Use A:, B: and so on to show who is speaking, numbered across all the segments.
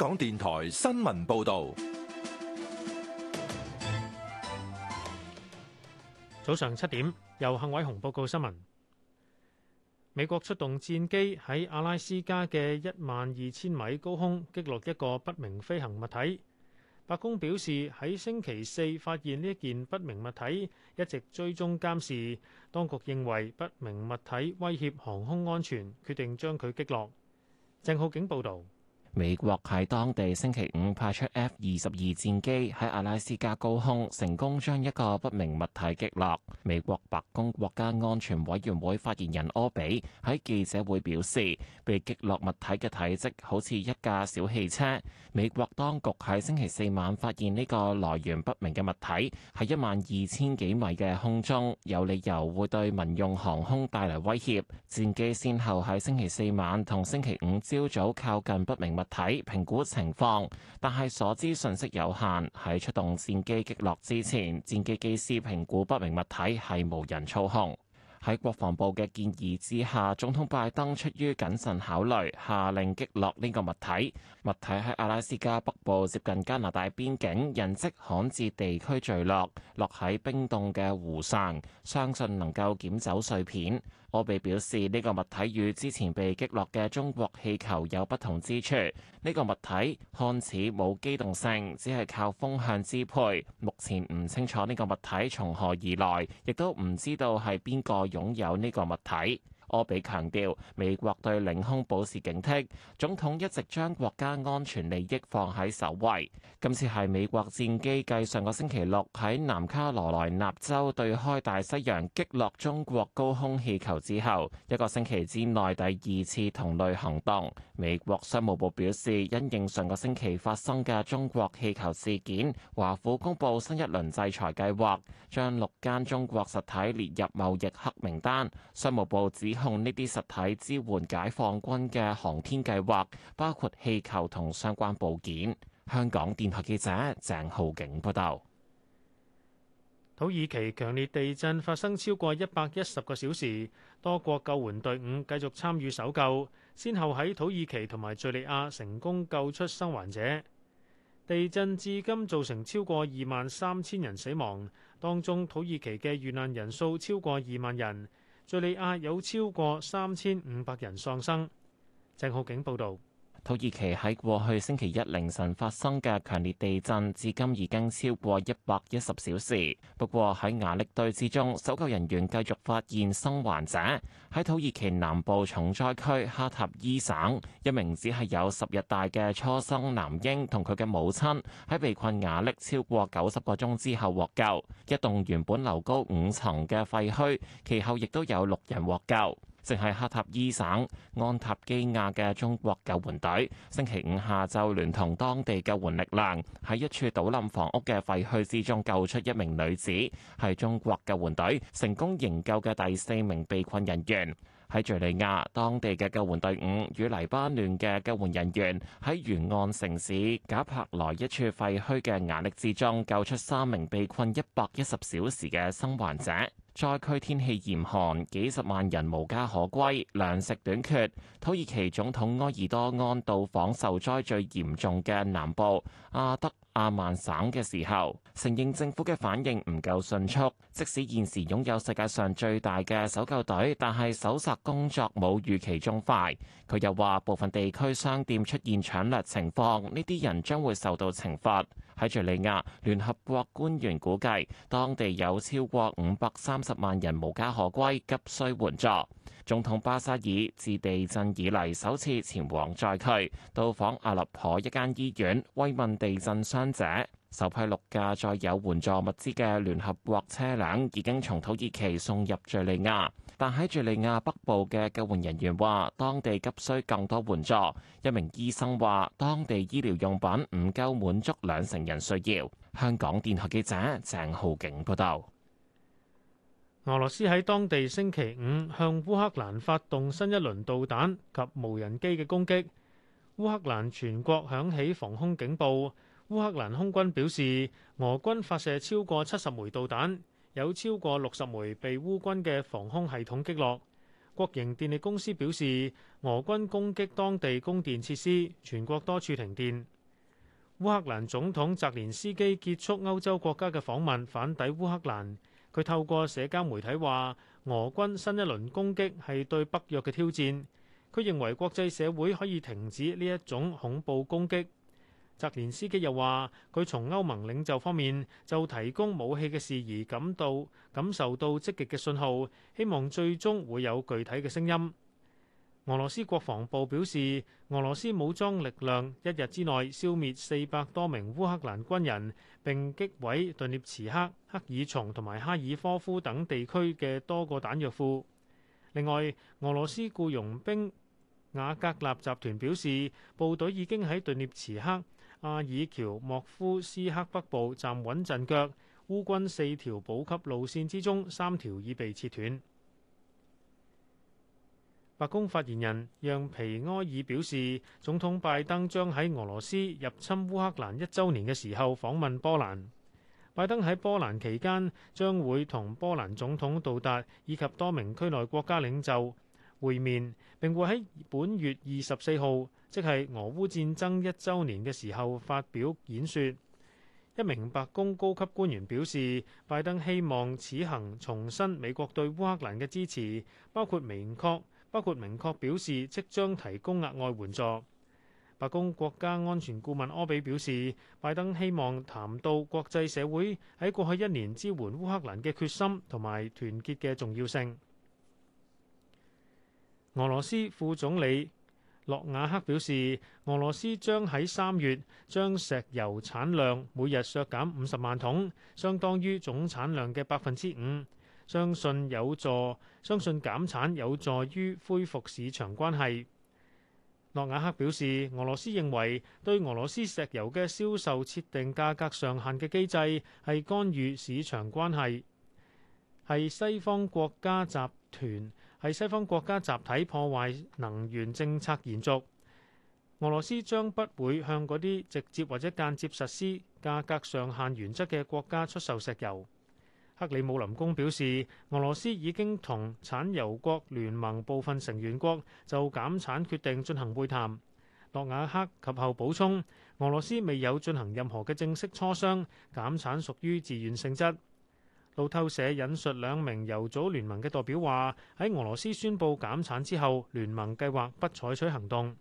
A: 香港電台新聞報道：
B: 早上七點，由幸偉雄報告新聞。美國出動戰機喺阿拉斯加嘅一萬二千米高空擊落一個不明飛行物體。白宮表示喺星期四發現呢一件不明物體，一直追蹤監視。當局認為不明物體威脅航空安全，決定將佢擊落。鄭浩景報道。
C: 美國喺當地星期五派出 F 二十二戰機喺阿拉斯加高空成功將一個不明物體擊落。美國白宮國家安全委員會發言人柯比喺記者會表示，被擊落物體嘅體積好似一架小汽車。美國當局喺星期四晚發現呢個來源不明嘅物體喺一萬二千幾米嘅空中，有理由會對民用航空帶嚟威脅。戰機先後喺星期四晚同星期五朝早靠近不明物體。物體評估情況，但係所知信息有限。喺出動戰機擊落之前，戰機機師評估不明物體係無人操控。喺國防部嘅建議之下，總統拜登出於謹慎考慮，下令擊落呢個物體。物體喺阿拉斯加北部接近加拿大邊境人跡罕至地區墜落，落喺冰凍嘅湖上，相信能夠撿走碎片。柯比表示呢個物體與之前被擊落嘅中國氣球有不同之處，呢個物體看似冇機動性，只係靠風向支配。目前唔清楚呢個物體從何而來，亦都唔知道係邊個擁有呢個物體。柯比強調，美國對領空保持警惕，總統一直將國家安全利益放喺首位。今次係美國戰機繼上個星期六喺南卡羅來納州對開大西洋擊落中國高空氣球之後，一個星期之內第二次同類行動。美國商務部表示，因應上個星期發生嘅中國氣球事件，華府公布新一輪制裁計劃，將六間中國實體列入貿易黑名單。商務部指，同呢啲實體支援解放軍嘅航天計劃，包括氣球同相關部件。香港電台記者鄭浩景報道。
B: 土耳其強烈地震發生超過一百一十個小時，多國救援隊伍繼續參與搜救，先後喺土耳其同埋敘利亞成功救出生還者。地震至今造成超過二萬三千人死亡，當中土耳其嘅遇難人數超過二萬人。敘利亞有超過三千五百人喪生。鄭浩景報導。
C: 土耳其喺過去星期一凌晨發生嘅強烈地震，至今已經超過一百一十小時。不過喺瓦礫堆之中，搜救人員繼續發現生還者。喺土耳其南部重災區哈塔伊省，一名只係有十日大嘅初生男嬰同佢嘅母親，喺被困瓦礫超過九十個鐘之後獲救。一棟原本樓高五層嘅廢墟，其後亦都有六人獲救。淨係哈塔伊省安塔基亞嘅中國救援隊，星期五下晝聯同當地救援力量，喺一處倒冧房屋嘅廢墟之中救出一名女子，係中國救援隊成功營救嘅第四名被困人員。喺敘利亞當地嘅救援隊伍與黎巴嫩嘅救援人員，喺沿岸城市賈柏萊一處廢墟嘅瓦礫之中救出三名被困一百一十小時嘅生還者。災區天氣嚴寒，幾十萬人無家可歸，糧食短缺。土耳其總統埃爾多安到訪受災最嚴重嘅南部阿德。啊阿曼省嘅時候，承認政府嘅反應唔夠迅速，即使現時擁有世界上最大嘅搜救隊，但係搜索工作冇預期中快。佢又話，部分地區商店出現搶掠情況，呢啲人將會受到懲罰，喺敘利亞，聯合國官員估計，當地有超過五百三十萬人無家可歸，急需援助。總統巴沙爾自地震以嚟首次前往災區，到訪阿勒頗一間醫院慰問地震傷者。首批六架載有援助物資嘅聯合國車輛已經從土耳其送入敘利亞，但喺敘利亞北部嘅救援人員話，當地急需更多援助。一名醫生話，當地醫療用品唔夠滿足兩成人需要。香港電台記者鄭浩景報道。
B: 俄羅斯喺當地星期五向烏克蘭發動新一輪導彈及無人機嘅攻擊，烏克蘭全國響起防空警報。烏克蘭空軍表示，俄軍發射超過七十枚導彈，有超過六十枚被烏軍嘅防空系統擊落。國營電力公司表示，俄軍攻擊當地供電設施，全國多處停電。烏克蘭總統澤連斯基結束歐洲國家嘅訪問，返抵烏克蘭。佢透過社交媒體話，俄軍新一輪攻擊係對北約嘅挑戰。佢認為國際社會可以停止呢一種恐怖攻擊。澤連斯基又話，佢從歐盟領袖方面就提供武器嘅事宜感到，感受到積極嘅信號，希望最終會有具體嘅聲音。俄羅斯國防部表示，俄羅斯武裝力量一日之內消滅四百多名烏克蘭軍人，並擊毀頓涅茨克、克爾松同埋哈爾科夫等地區嘅多個彈藥庫。另外，俄羅斯僱傭兵瓦格納集團表示，部隊已經喺頓涅茨克、阿爾喬莫夫斯克北部站穩陣腳。烏軍四條補給路線之中，三條已被切斷。白宮發言人讓皮埃爾表示，總統拜登將喺俄羅斯入侵烏克蘭一週年嘅時候訪問波蘭。拜登喺波蘭期間將會同波蘭總統到達以及多名區內國家領袖會面，並會喺本月二十四號，即係俄烏戰爭一週年嘅時候發表演說。一名白宮高級官員表示，拜登希望此行重申美國對烏克蘭嘅支持，包括明確。包括明確表示即將提供額外援助。白宮國家安全顧問柯比表示，拜登希望談到國際社會喺過去一年支援烏克蘭嘅決心同埋團結嘅重要性。俄羅斯副總理諾瓦克表示，俄羅斯將喺三月將石油產量每日削減五十萬桶，相當於總產量嘅百分之五。相信有助，相信減產有助於恢復市場關係，諾瓦克表示，俄羅斯認為對俄羅斯石油嘅銷售設定價格上限嘅機制係干預市場關係，係西方國家集團係西方國家集體破壞能源政策延續。俄羅斯將不會向嗰啲直接或者間接實施價格上限原則嘅國家出售石油。克里姆林宮表示，俄羅斯已經同產油國聯盟部分成員國就減產決定進行會談。諾瓦克及後補充，俄羅斯未有進行任何嘅正式磋商，減產屬於自願性質。路透社引述兩名油組聯盟嘅代表話，喺俄羅斯宣布減產之後，聯盟計劃不採取行動。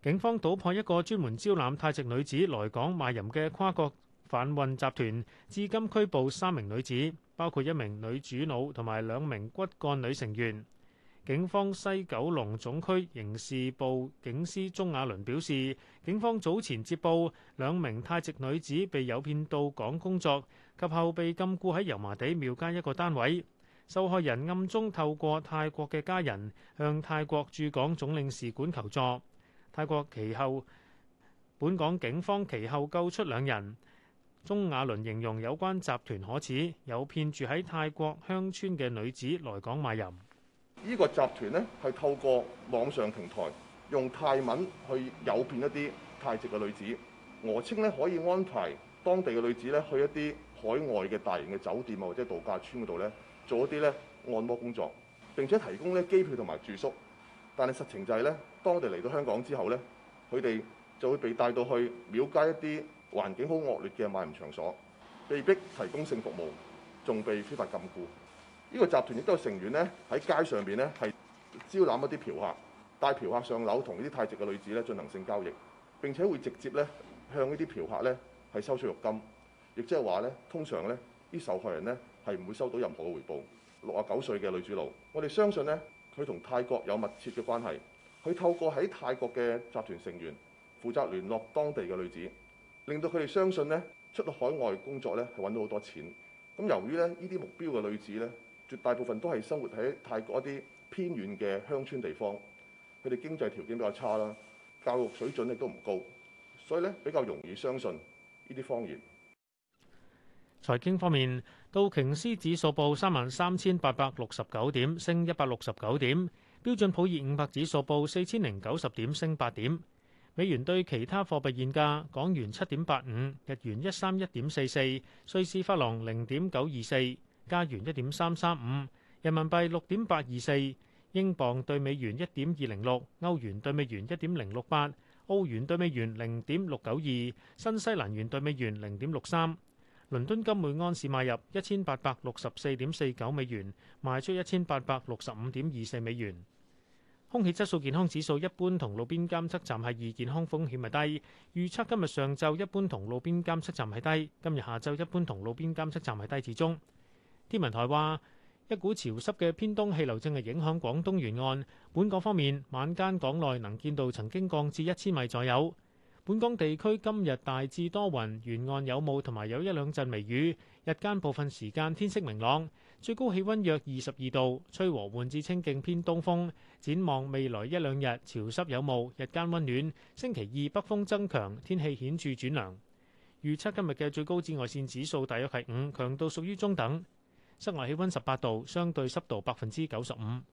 B: 警方搗破一個專門招攬泰籍女子來港賣淫嘅跨國。販運集團至今拘捕三名女子，包括一名女主腦同埋兩名骨幹女成員。警方西九龍總區刑事部警司鍾雅倫表示，警方早前接報兩名泰籍女子被誘騙到港工作，及後被禁錮喺油麻地廟街一個單位。受害人暗中透過泰國嘅家人向泰國駐港總領事館求助，泰國其後本港警方其後救出兩人。鍾雅倫形容有關集團可恥，誘騙住喺泰國鄉村嘅女子來港賣淫。
A: 呢個集團呢，係透過網上平台，用泰文去誘騙一啲泰籍嘅女子。訛稱呢，可以安排當地嘅女子呢，去一啲海外嘅大型嘅酒店啊，或者度假村嗰度呢，做一啲呢按摩工作，並且提供呢機票同埋住宿。但係實情就係、是、呢，當佢哋嚟到香港之後呢，佢哋就會被帶到去廟街一啲環境好惡劣嘅賣淫場所，被逼提供性服務，仲被非法禁錮。呢個集團亦都有成員咧喺街上邊咧係招攬一啲嫖客，帶嫖客上樓同呢啲泰籍嘅女子咧進行性交易。並且會直接咧向呢啲嫖客咧係收取慾金，亦即係話咧通常咧啲受害人咧係唔會收到任何嘅回報。六啊九歲嘅女主腦，我哋相信呢，佢同泰國有密切嘅關係，佢透過喺泰國嘅集團成員負責聯絡當地嘅女子。令到佢哋相信呢，出到海外工作呢，係揾到好多錢。咁由於咧，呢啲目標嘅女子呢，絕大部分都係生活喺泰國一啲偏遠嘅鄉村地方，佢哋經濟條件比較差啦，教育水準亦都唔高，所以呢比較容易相信呢啲謊言。
B: 財經方面，道瓊斯指數報三萬三千八百六十九點，升一百六十九點；標準普爾五百指數報四千零九十點，升八點。美元兌其他貨幣現價：港元七點八五，日元一三一點四四，瑞士法郎零點九二四，加元一點三三五，人民幣六點八二四，英鎊對美元一點二零六，歐元對美元一點零六八，澳元對美元零點六九二，新西蘭元對美元零點六三。倫敦金每安士買入一千八百六十四點四九美元，賣出一千八百六十五點二四美元。空氣質素健康指數一般同路邊監測站係二健康風險係低，預測今日上晝一般同路邊監測站係低，今日下晝一般同路邊監測站係低至中。天文台話，一股潮濕嘅偏東氣流正係影響廣東沿岸，本港方面晚間港內能見度曾經降至一千米左右。本港地區今日大致多雲，沿岸有霧同埋有一兩陣微雨，日間部分時間天色明朗，最高氣温約二十二度，吹和緩至清勁偏東風。展望未來一兩日潮濕有霧，日間温暖。星期二北風增強，天氣顯著轉涼。預測今日嘅最高紫外線指數大約係五，強度屬於中等。室外氣温十八度，相對濕度百分之九十五。嗯